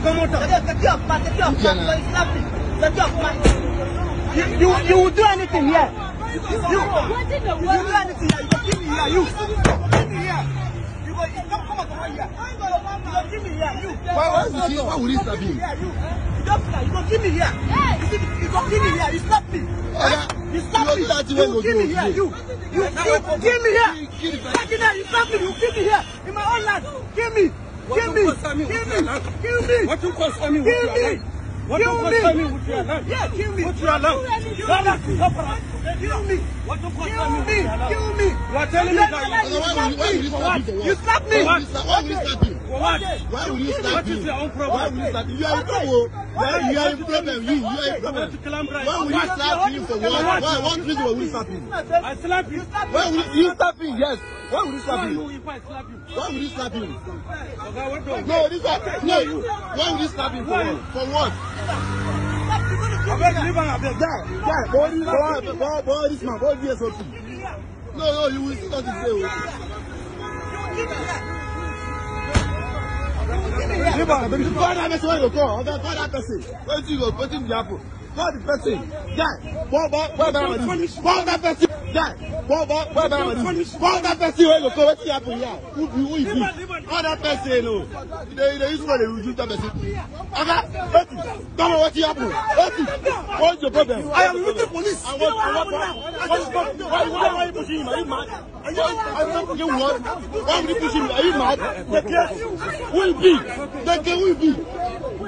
You, you, will do anything here. You, you, will do anything here. You give me here. You. give me here. You will come come over here. You will give me here. You. Why why would you? Why would you stab him? You don't fly. You will give me here. You see, you will give me here. You stop me. You stop me. You give me here. You. You, you give me here. You stop me. You give me here. In my own land. Give me. Kill me! Kill me! Kill me! What you concern me Kill me! What you concern me with your Yeah, kill me! With your life? Kill me! Kill me! What you concern me with your life? Kill me! You are telling me that you You slap me! Why will you slap me? What? Why will you slap me? What is your own problem? Why will you slap him? You are in trouble. You are a problem. You, you are a problem. Why will you slap me for what? Why? One reason why will you slap me? I slap you. Why will you slap me. Yes. Why will you slap him? Why would you stab him? No, this one. No, Why would you slap him for what? For what? Guy, guy, boy, this man, boy, DSOP. No, no, you will see what he say. God, oh. that person where you go. God, that person. Where you go? What you do? God, the person. Guy, what, what, what, what, what, that person. Guy. What about what about what that person where go what happen here? Who be who is it? All that person no. They they use for the reduce that person. Okay, tell me what happen. What what's your problem? I am with the police. And what what what why why why you pushing him? Are you mad? Are you I'm not you what? Why would you push him? Are you mad? The case will be. The case will be.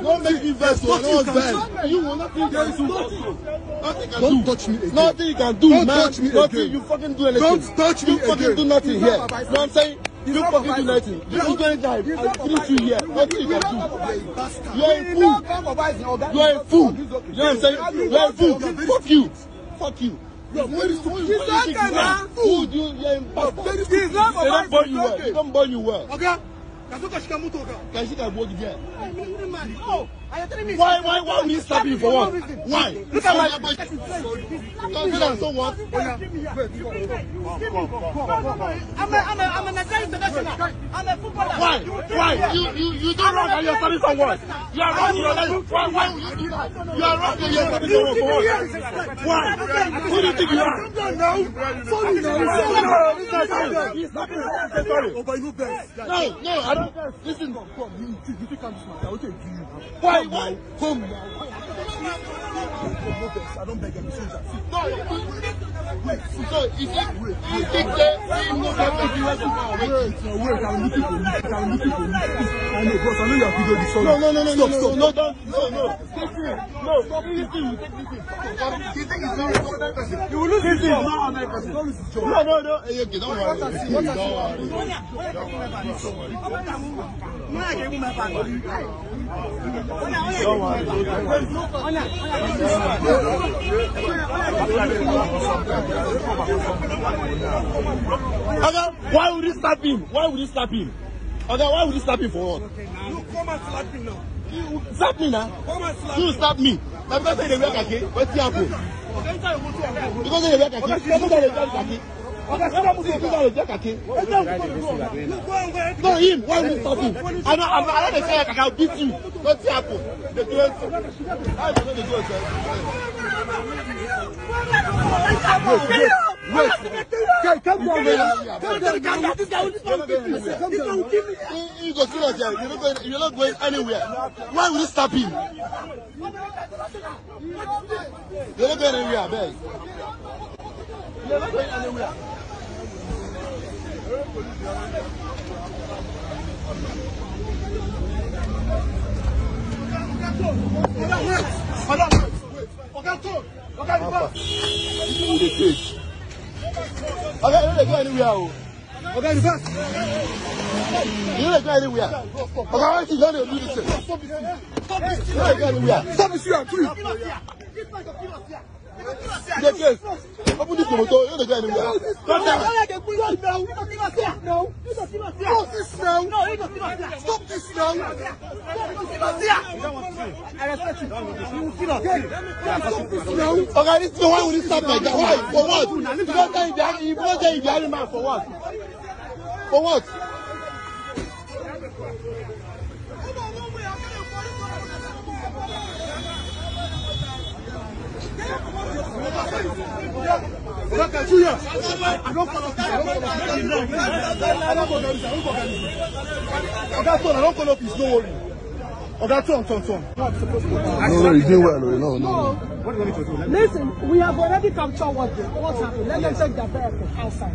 Don't make me vex. I don't die. You will not think nothing. Nothing don't touch me again. Nothing you can do, don't man. Touch me nothing. Again. You fucking do anything. Don't touch me again. You fucking do nothing here. You know what I'm saying? You fucking do nothing. You don't do anything. I finish you here. Nothing you can do. You are a fool. You are a fool. You know what I'm You are a fool. Fuck you. Fuck you. You're very stupid. He's not gonna fool you. You're in bad. He's not gonna burn you well. He don't burn you well. Okay. kazokashika motoka kazika bogi bien ah, Why, why, why would you stab you for what? Why? Look at my confidence, so what? I'm a, I'm a, I'm a Nigerian international. I'm a footballer. Why? Why? You, you, you don't wrong and you're standing for what? You are wrong in your life. Why, why you do that? You are wrong and you're standing for what? Why? Who do you think you are? Sorry, no. Sorry, no. He's not sorry. No, no, I don't. Listen, you think I'm smart? I will take you. Why? Come now, come now. I don't beg you, So if you think that we know that we have to No, no, no, no, stop, no, stop. no, don't, no, no. Take it. No, stop anything. You take this. You think it's not another person? You will lose this. This No, no, no. person. No, no, no. Hey, okay, don't worry. Don't worry. Don't worry. Don't worry. Okay, why would you slap him? Why would you slap him? Okay, why would you slap him for what? You come and slap him now. You slap me now. Come and slap you slap me. My person dey wear kaki. Wetin happen? Because they dey again. Because Somebody dey wear kaki. No, him. Why would you stop him? I know. I'm not going to say Kake. I'll beat you. Don't see happen. They do it. I don't know they do it. Wait, wait. Come, come down, man. Come on, come down. This guy will kill me. This guy will kill me. You go serious here. You're not going. You're not going anywhere. Why would you stop him? You're not going anywhere, beg. You're not going anywhere. Okay, you don't go anywhere. Okay, reverse. You don't go anywhere. Okay, why you don't do this? Stop this. Stop this. Stop this. Stop this. Stop this. Stop this. Stop this. Stop this. Stop this the case. Open this motor, you don't get anywhere. Don't tell me. No, you don't Stop this now. No, you don't Stop this now. I respect you. You will kill us. Stop this now. Okay, this is why will you stop like that? Why? For what? You don't tell him the animal for what? For what? Look at you I don't follow peace. I No No, I'm doing well. No, no. no. What do you to do? Listen, we have already captured what, what happened. Let them take their vehicle outside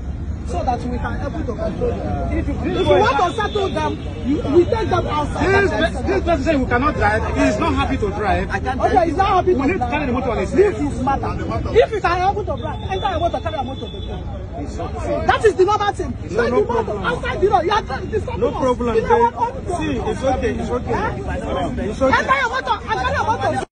so that we can able to control them. Uh, if you, if you want uh, to settle them, you, we take them outside. This, this person saying we cannot drive, he is not happy to drive. Okay, he's not happy we to drive. We need to carry the motor on his This is matter. If you can able to drive, enter a motor, carry a motor. That is the normal thing. No, no problem. outside the road, you are disturbing No problem. See, it's okay, it's okay. Eh? It's Enter a motor, and carry a motor.